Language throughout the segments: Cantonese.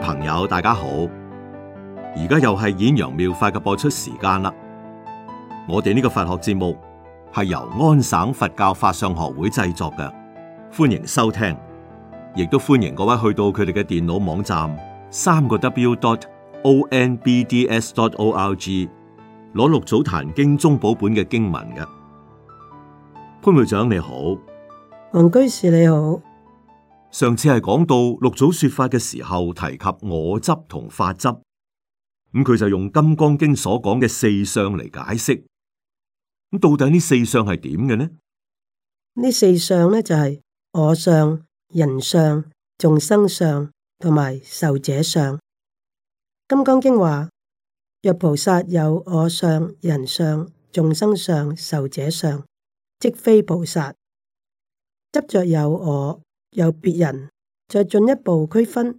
朋友，大家好！而家又係《演揚妙法》嘅播出時間啦。我哋呢個佛學節目係由安省佛教法相學會製作嘅，歡迎收聽，亦都歡迎各位去到佢哋嘅電腦網站三個 W dot O N B D S dot O R G 攞《六祖壇經中寶本嘅經文嘅。潘會長，你好，王居士你好。上次係講到六祖說法嘅時候，提及我執同法執，咁佢就用金、就是《金剛經》所講嘅四相嚟解釋。咁到底呢四相係點嘅呢？呢四相呢就係我相、人相、眾生相同埋受者相。《金剛經》話：若菩薩有我相、人相、眾生相、受者相，即非菩薩。執着有我。有別人再進、就是、一步區分，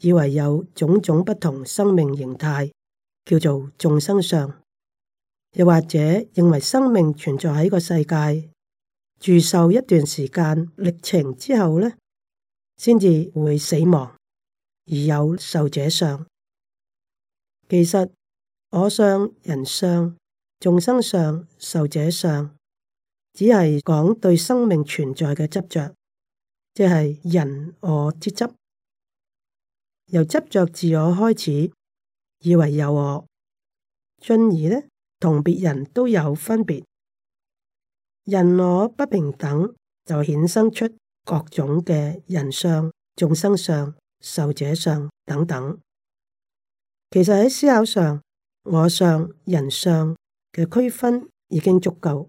以為有種種不同生命形態，叫做眾生相，又或者認為生命存在喺個世界，住壽一段時間歷程之後呢，先至會死亡，而有壽者相。其實，我相、人相、眾生相、壽者相，只係講對生命存在嘅執着。即係人我之執，由執着自我開始，以為有我，進而呢同別人都有分別。人我不平等，就衍生出各種嘅人相、眾生相、壽者相等等。其實喺思考上，我相、人相嘅區分已經足夠，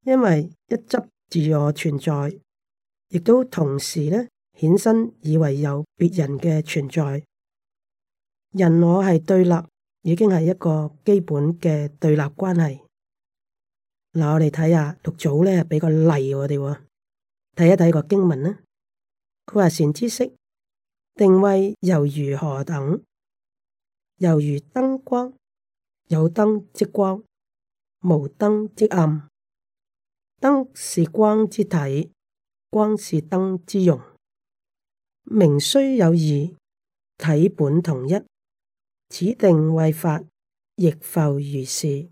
因為一執自我存在。亦都同時咧顯身，以為有別人嘅存在。人我係對立，已經係一個基本嘅對立關係。嗱，我哋睇下六祖咧，俾個例我哋睇一睇個經文啦。佢話：善知識，定位猶如何等？猶如燈光，有燈即光，無燈即暗。燈是光之體。光是燈之用，名雖有異，體本同一。此定慧法亦復如是。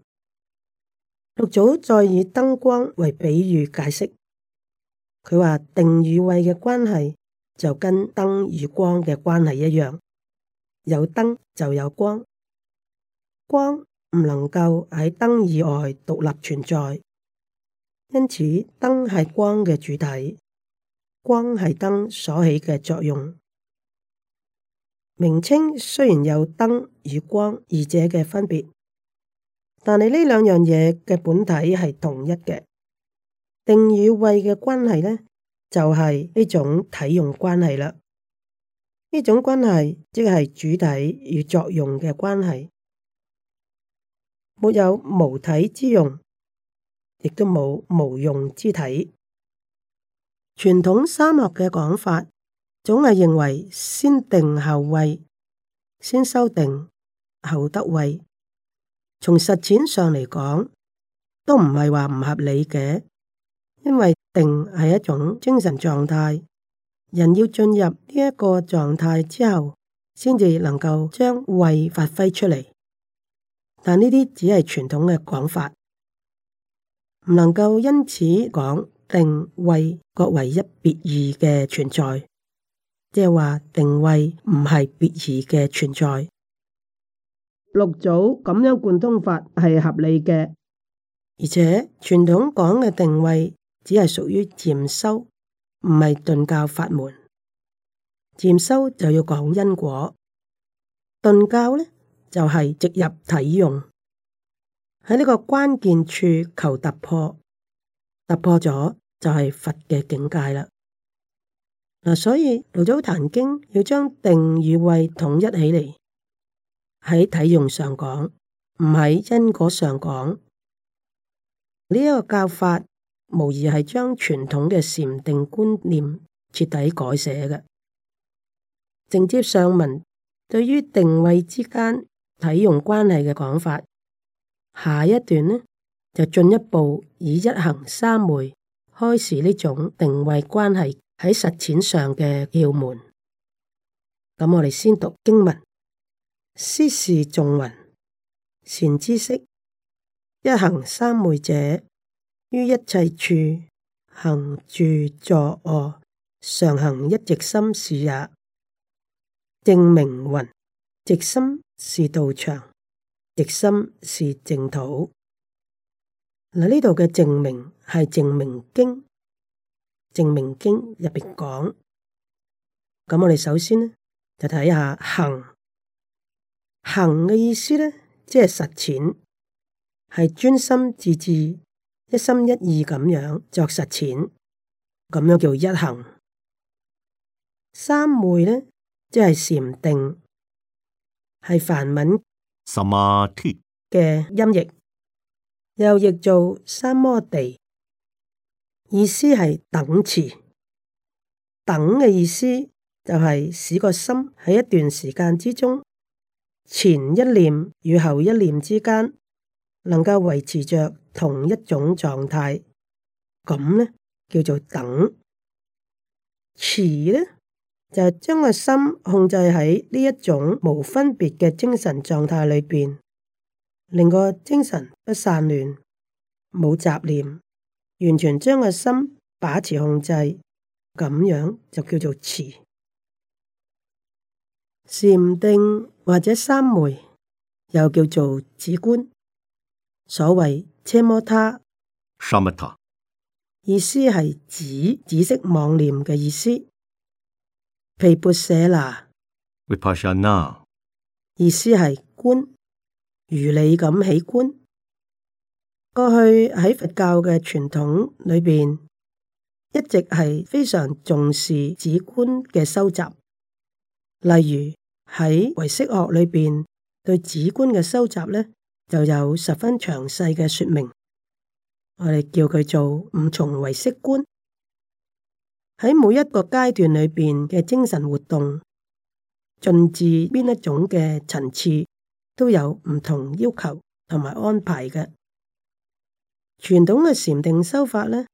六祖再以燈光為比喻解釋，佢話定與慧嘅關係就跟燈與光嘅關係一樣，有燈就有光，光唔能夠喺燈以外獨立存在，因此燈係光嘅主體。光係燈所起嘅作用，名稱雖然有燈與光二者嘅分別，但係呢兩樣嘢嘅本體係同一嘅。定與位嘅關係呢，就係、是、呢種體用關係啦。呢種關係即係主體與作用嘅關係，沒有無體之用，亦都冇無用之體。傳統三學嘅講法，總係認為先定後慧，先修定後得慧。從實踐上嚟講，都唔係話唔合理嘅，因為定係一種精神狀態，人要進入呢一個狀態之後，先至能夠將慧發揮出嚟。但呢啲只係傳統嘅講法，唔能夠因此講。定位各為一別二嘅存在，即係話定位唔係別義嘅存在。六祖咁樣貫通法係合理嘅，而且傳統講嘅定位只係屬於漸修，唔係頓教法門。漸修就要講因果，頓教呢就係、是、直入體用，喺呢個關鍵處求突破。突破咗就係、是、佛嘅境界啦。嗱，所以《六祖壇經》要將定與慧統一起嚟，喺體用上講，唔喺因果上講。呢、這、一個教法無疑係將傳統嘅禪定觀念徹底改寫嘅。正接上文對於定慧之間體用關係嘅講法，下一段呢？就進一步以一行三昧開示呢種定位關係喺實踐上嘅竅門。咁我哋先讀經文，斯是眾云，善知識，一行三昧者，於一切處行住坐臥，常行一直心是也。正明云，直心是道場，直心是淨土。嗱，呢度嘅證明係《證明經》，《證明經》入邊講。咁我哋首先呢，就睇下行行嘅意思呢，即係實踐，係專心致志、一心一意咁樣作實踐，咁樣叫做一行。三昧呢，即係禪定，係梵文嘅音譯。又譯做三摩地，意思係等持。等嘅意思就係使個心喺一段時間之中，前一念與後一念之間，能夠維持着同一種狀態。咁呢叫做等持呢就係，將個心控制喺呢一種無分別嘅精神狀態裏邊。令個精神不散亂，冇雜念，完全將個心把持控制，咁樣就叫做持禪定或者三昧，又叫做止觀。所謂奢摩他，意思係止，止息妄念嘅意思。毗鉢舍那，意思係觀。如你咁起觀，過去喺佛教嘅傳統裏邊，一直係非常重視止觀嘅收集。例如喺唯識學裏邊，對止觀嘅收集呢，就有十分詳細嘅說明。我哋叫佢做五重唯識觀，喺每一個階段裏邊嘅精神活動，進至邊一種嘅層次，都有唔同要求同埋安排嘅。傳統嘅禪定修法呢，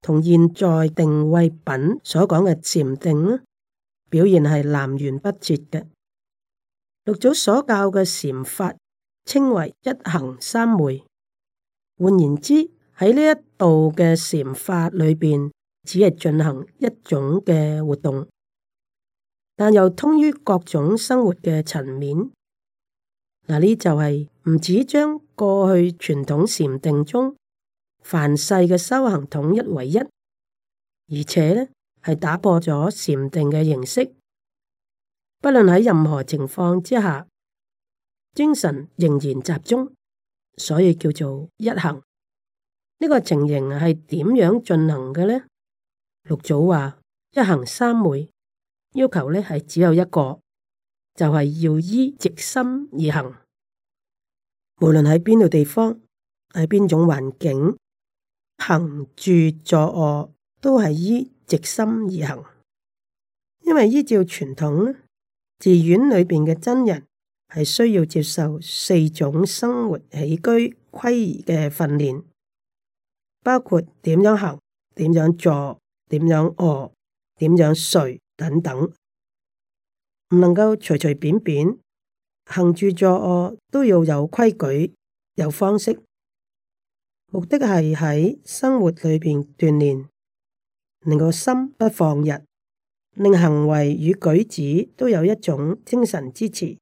同現在定位品所講嘅禪定表現係南轅北轍嘅。六祖所教嘅禪法稱為一行三昧，換言之，喺呢一度嘅禪法裏邊，只係進行一種嘅活動，但又通於各種生活嘅層面。嗱，呢就係唔止將過去傳統禪定中凡世嘅修行統一為一，而且呢係打破咗禪定嘅形式，不論喺任何情況之下，精神仍然集中，所以叫做一行。呢、這個情形啊係點樣進行嘅呢？六祖話一行三昧，要求呢係只有一個。就係要依直心而行，無論喺邊度地方，喺邊種環境，行住坐臥、呃、都係依直心而行。因為依照傳統咧，寺院裏邊嘅僧人係需要接受四種生活起居規儀嘅訓練，包括點樣行、點樣坐、點樣臥、點樣睡等等。唔能夠隨隨便便行住坐卧，都要有規矩、有方式。目的係喺生活裏邊鍛煉，令個心不放逸，令行為與舉止都有一種精神支持。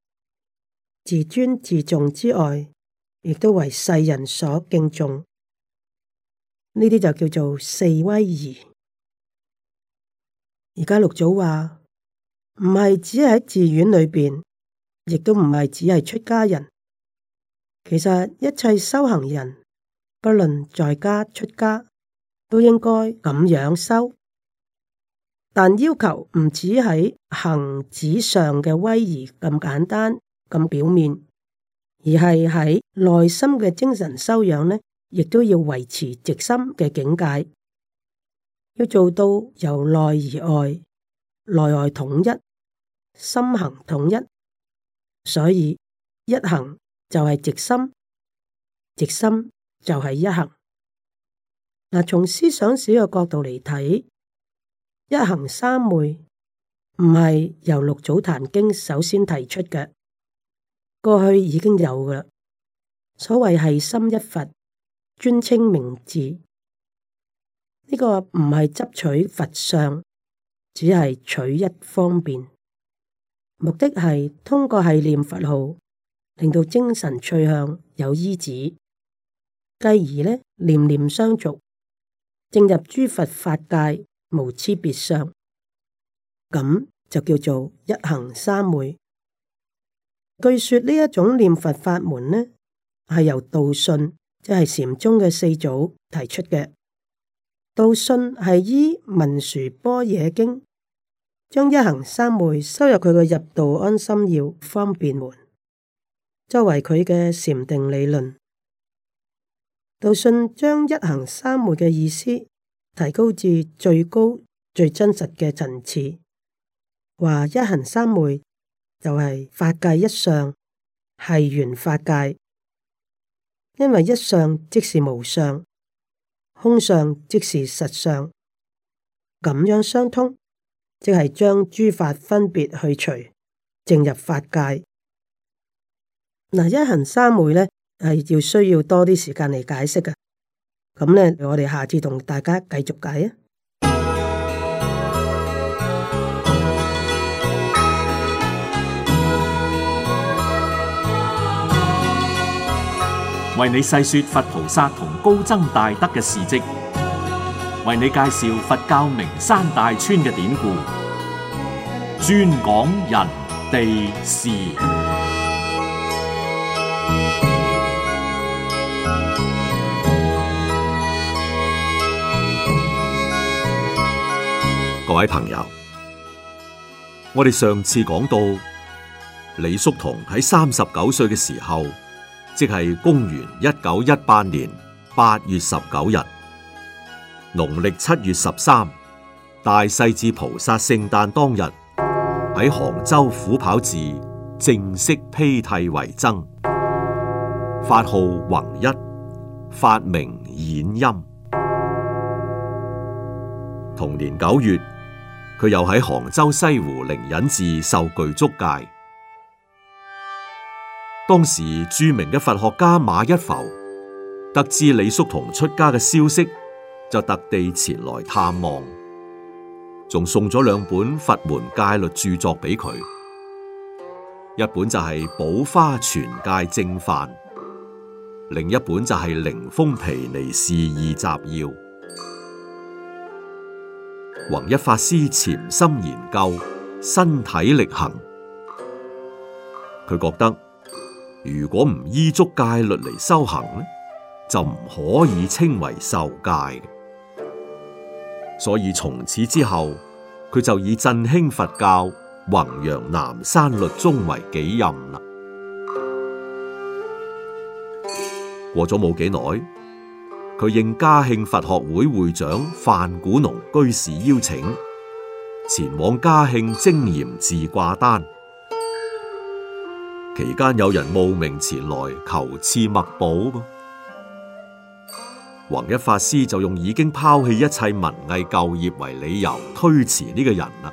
自尊自重之外，亦都為世人所敬重。呢啲就叫做四威儀。而家六祖話。唔係只係喺寺院裏邊，亦都唔係只係出家人。其實一切修行人，不論在家出家，都應該咁樣修。但要求唔止喺行指上嘅威儀咁簡單咁表面，而係喺內心嘅精神修養呢，亦都要維持直心嘅境界，要做到由內而外，內外統一。心行統一，所以一行就係直心，直心就係一行。嗱，從思想史嘅角度嚟睇，一行三昧唔係由六祖壇經首先提出嘅，過去已經有噶啦。所謂係心一佛專稱名字，呢個唔係執取佛相，只係取一方便。目的係通過繫念佛號，令到精神趣向有依止，繼而呢念念相續，正入諸佛法界無差別相，咁就叫做一行三昧。據說呢一種念佛法門呢係由道信即係禪宗嘅四祖提出嘅，道信係依《文殊般若經》。將一行三昧收入佢嘅入道安心要方便門，作為佢嘅禪定理論。道信將一行三昧嘅意思提高至最高、最真實嘅層次，話一行三昧就係法界一相係緣法界，因為一相即是無相，空相即是實相，咁樣相通。即係將諸法分別去除，淨入法界。嗱，一行三昧呢係要需要多啲時間嚟解釋㗎。咁呢，我哋下次同大家繼續解吖，為你細說佛菩薩同高僧大德嘅事蹟。為你介紹佛教名山大川嘅典故，專講人地事。各位朋友，我哋上次講到李叔同喺三十九歲嘅時候，即係公元一九一八年八月十九日。農曆七月十三，大勢至菩薩聖誕當日，喺杭州虎跑寺正式披剃為僧，法號弘一，法名演音。同年九月，佢又喺杭州西湖靈隱寺受具足戒。當時著名嘅佛學家馬一浮得知李叔同出家嘅消息。就特地前來探望，仲送咗兩本佛門戒律著作俾佢，一本就係、是《寶花傳戒正法》，另一本就係、是《靈峰皮尼示義集要》。弘一法師潛心研究，身體力行，佢覺得如果唔依足戒律嚟修行咧，就唔可以稱為受戒。所以，從此之後，佢就以振興佛教、弘揚南山律宗為己任啦。過咗冇幾耐，佢應嘉興佛學會會長范古農居士邀請，前往嘉興精嚴寺掛單。期間有人慕名前來求賜墨寶弘一法師就用已經拋棄一切文藝舊業為理由推辭呢個人啦，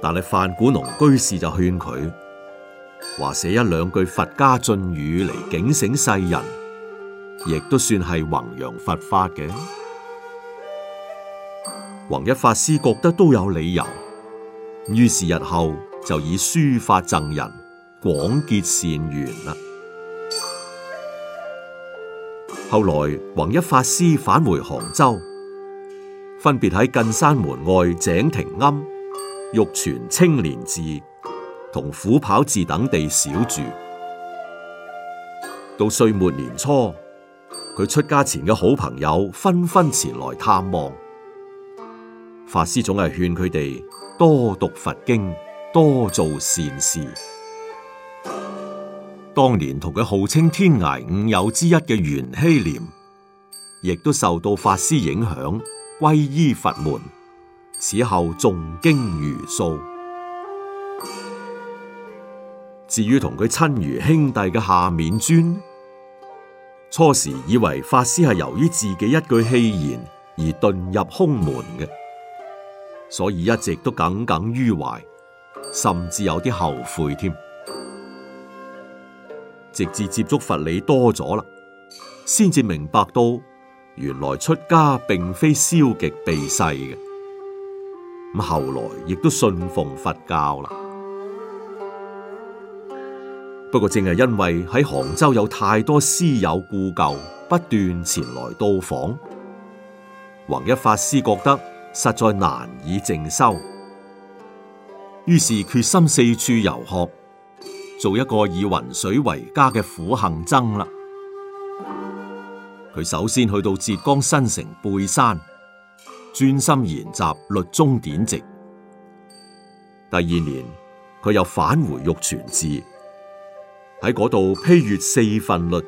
但係范古農居士就勸佢話，寫一兩句佛家雋語嚟，警醒世人，亦都算係弘揚佛法嘅。弘一法師覺得都有理由，於是日後就以書法贈人，廣結善緣啦。後來弘一法師返回杭州，分別喺近山門外井亭庵、玉泉青蓮寺同虎跑寺等地小住。到歲末年初，佢出家前嘅好朋友紛紛前來探望，法師總係勸佢哋多讀佛經，多做善事。當年同佢號稱天涯五友之一嘅袁希濂，亦都受到法師影響，皈依佛門。此後誦經如數。至於同佢親如兄弟嘅夏丏尊，初時以為法師係由於自己一句戲言而遁入空門嘅，所以一直都耿耿於懷，甚至有啲後悔添。直至接觸佛理多咗啦，先至明白到原來出家並非消極避世嘅。咁後來亦都信奉佛教啦。不過正係因為喺杭州有太多師友故舊不斷前來到訪，弘一法師覺得實在難以靜修，於是決心四處遊學。做一個以雲水為家嘅苦行僧啦。佢首先去到浙江新城貝山，專心研習律宗典籍。第二年，佢又返回玉泉寺，喺嗰度披閱四分律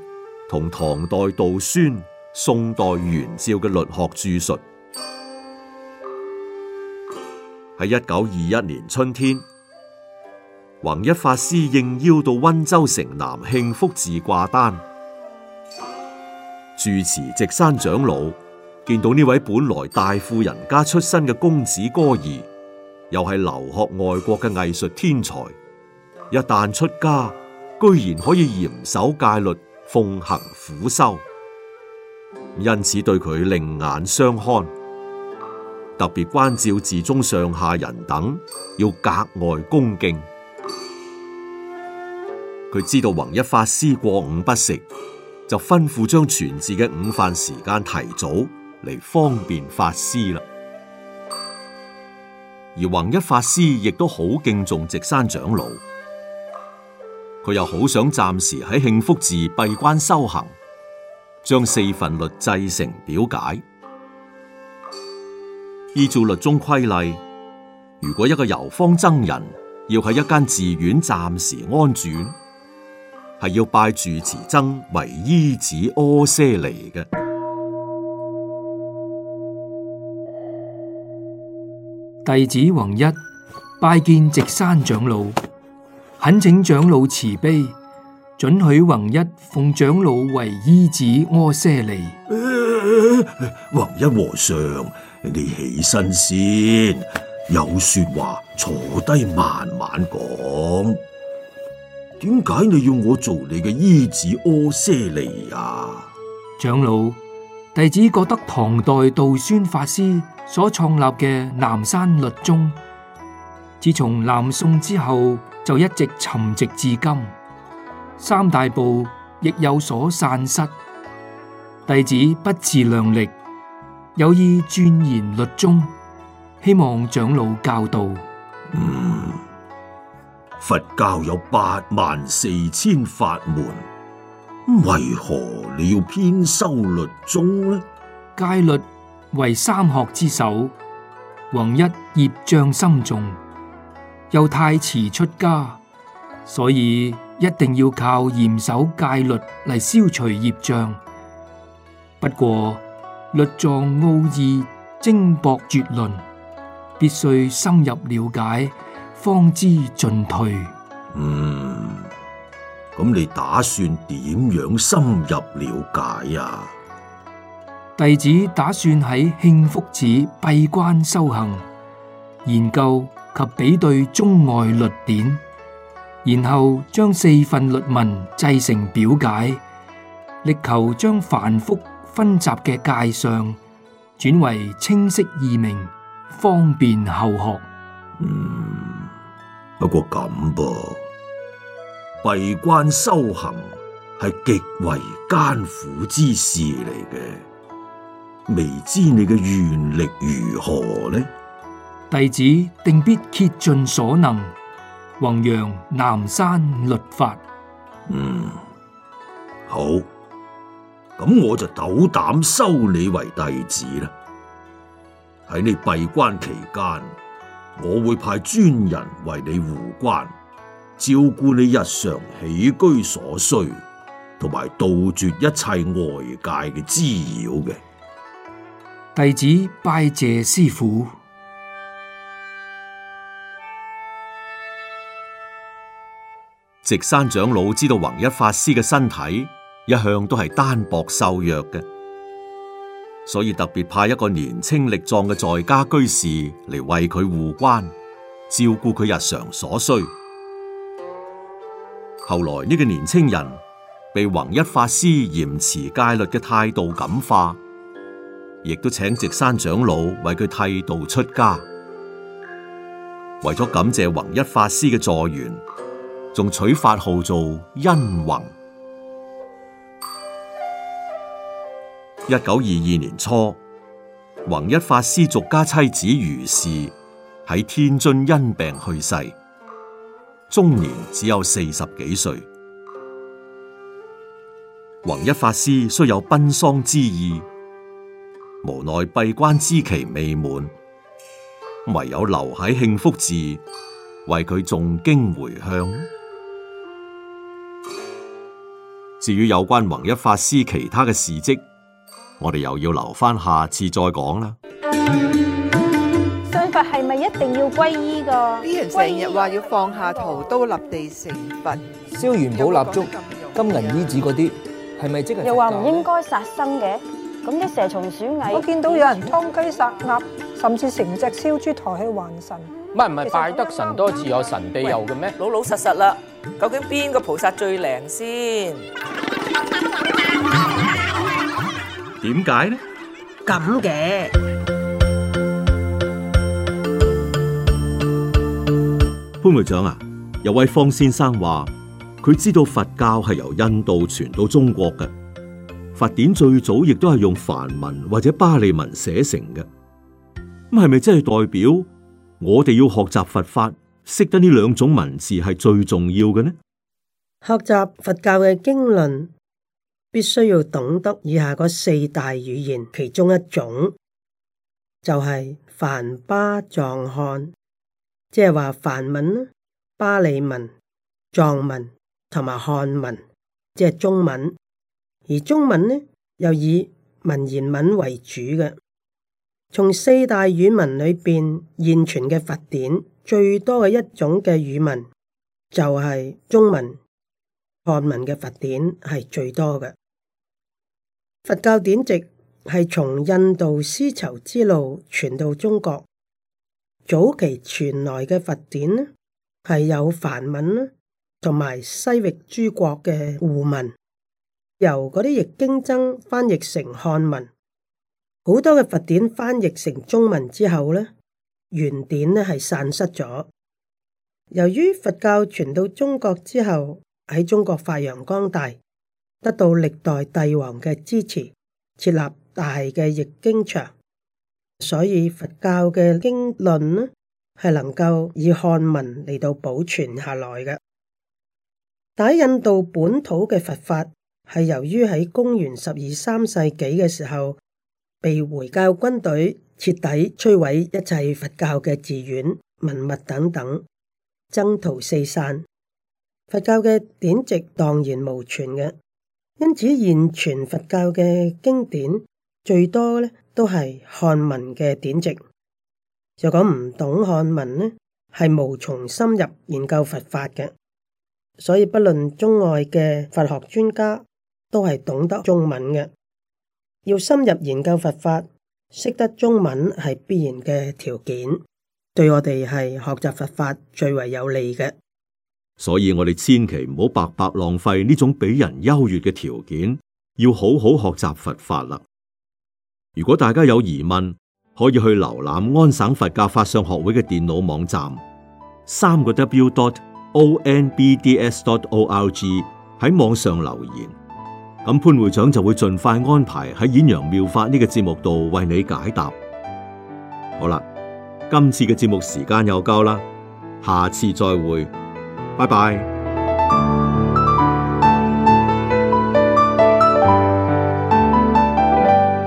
同唐代道宣、宋代元照嘅律學著述。喺一九二一年春天，弘一法師應邀到温州城南慶福寺掛單，住持直山長老見到呢位本來大富人家出身嘅公子哥兒，又係留學外國嘅藝術天才，一旦出家，居然可以嚴守戒律，奉行苦修，因此對佢另眼相看，特別關照寺中上下人等，要格外恭敬。佢知道弘一法師過午不食，就吩咐將全寺嘅午飯時間提早嚟，方便法師啦。而弘一法師亦都好敬重寂山長老，佢又好想暫時喺慶福寺閉關修行，將四分律製成表解。依照律宗規例，如果一個遊方僧人要喺一間寺院暫時安住，係要拜住持僧為依止阿闍梨嘅。弟子宏一拜見直山長老，懇請長老慈悲，准許宏一奉長老為依止阿闍梨。 宏一和尚，你起身先，有說話坐低慢慢講。點解你要我做你嘅依止阿闍梨啊？長老，弟子覺得唐代道宣法師所創立嘅南山律宗，自從南宋之後就一直沉寂至今，三大部亦有所散失。弟子不自量力，有意鑽研律宗，希望長老教導。嗯。佛教有八萬四千法門，為何你要偏修律宗呢？戒律為三學之首，弘一業障深重，又太遲出家，所以一定要靠嚴守戒律嚟消除業障。不過律藏奧義精博絕倫，必須深入了解，方知進退。嗯，咁你打算點樣深入了解呀？弟子打算喺慶福寺閉關修行，研究及比對中外律典，然後將四份律文製成表解，力求將繁複分雜嘅戒相轉為清晰易明，方便後學。嗯。不過咁噃，閉關修行係極為艱苦之事嚟嘅，未知你嘅願力如何呢？弟子定必竭盡所能，弘揚南山律法。嗯，好，咁我就斗膽收你為弟子啦。喺你閉關期間。我會派專人為你護關，照顧你日常起居所需，同埋杜絕一切外界嘅滋擾嘅。弟子拜謝師父。直山長老知道弘一法師嘅身體一向都係單薄瘦弱嘅。所以特別派一個年輕力壯嘅在家居士嚟為佢護關，照顧佢日常所需。後來呢、這個年輕人被弘一法師嚴持戒律嘅態度感化，亦都請直山長老為佢剃度出家。為咗感謝弘一法師嘅助緣，仲取法號做恩弘。一九二二年初，弘一法師俗家妻子俞氏喺天津因病去世，終年只有四十幾歲。弘一法師雖有奔喪之意，無奈閉關之期未滿，唯有留喺慶福寺為佢誦經回向。至於有關弘一法師其他嘅事迹，我哋又要留翻下,下次再講啦。信佛係咪一定要皈依噶？成日話要放下屠刀立地成佛，燒元寶蠟燭、金銀衣紙嗰啲，係咪呀即係？又話唔應該殺生嘅，咁啲蛇蟲鼠蟻，我見到有人劏雞殺鴨，甚至成隻燒豬抬去還神。唔係唔係，拜得神多自有神庇佑嘅咩？喂老老實實啦，究竟邊個菩薩最靚先？點解呢？咁嘅潘會長啊，有位方先生話佢知道佛教係由印度傳到中國嘅，佛典最早亦都係用梵文或者巴利文寫成嘅。咁係咪真係代表我哋要學習佛法，識得呢兩種文字係最重要嘅呢？學習佛教嘅經論。必須要懂得以下嗰四大語言，其中一種就係、是、梵巴藏漢，即係話梵文、巴利文、藏文同埋漢文，即係中文。而中文呢，又以文言文為主嘅。從四大語文裏邊現存嘅佛典最多嘅一種嘅語文，就係、是、中文。漢文嘅佛典係最多嘅。佛教典籍係從印度絲綢之路傳到中國，早期傳來嘅佛典呢係有梵文啦，同埋西域諸國嘅胡文，由嗰啲譯經僧翻譯成漢文。好多嘅佛典翻譯成中文之後呢，原典呢係散失咗。由於佛教傳到中國之後喺中國發揚光大。得到歷代帝王嘅支持，設立大嘅譯經場，所以佛教嘅經論呢係能夠以漢文嚟到保存下來嘅。但係印度本土嘅佛法係由於喺公元十二三世紀嘅時候被回教軍隊徹底摧毀一切佛教嘅寺院、文物等等，僧徒四散，佛教嘅典籍蕩然無存嘅。因此，現存佛教嘅經典最多咧都係漢文嘅典籍。就講唔懂漢文，呢係無從深入研究佛法嘅。所以，不論中外嘅佛學專家都係懂得中文嘅。要深入研究佛法，識得中文係必然嘅條件，對我哋係學習佛法最為有利嘅。所以我哋千祈唔好白白浪費呢種俾人優越嘅條件，要好好學習佛法啦。如果大家有疑問，可以去瀏覽安省佛教法相學會嘅電腦網站，三個 w.dot.o.n.b.d.s.dot.o.l.g 喺網上留言，咁潘會長就會盡快安排喺《演揚妙法》呢、這個節目度為你解答。好啦，今次嘅節目時間又夠啦，下次再會。拜拜。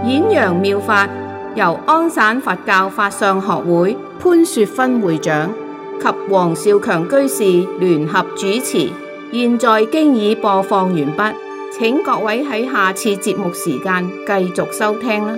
演揚妙法由安省佛教法相學會潘雪芬會長及黃少強居士聯合主持，現在經已播放完畢，請各位喺下次節目時間繼續收聽啦。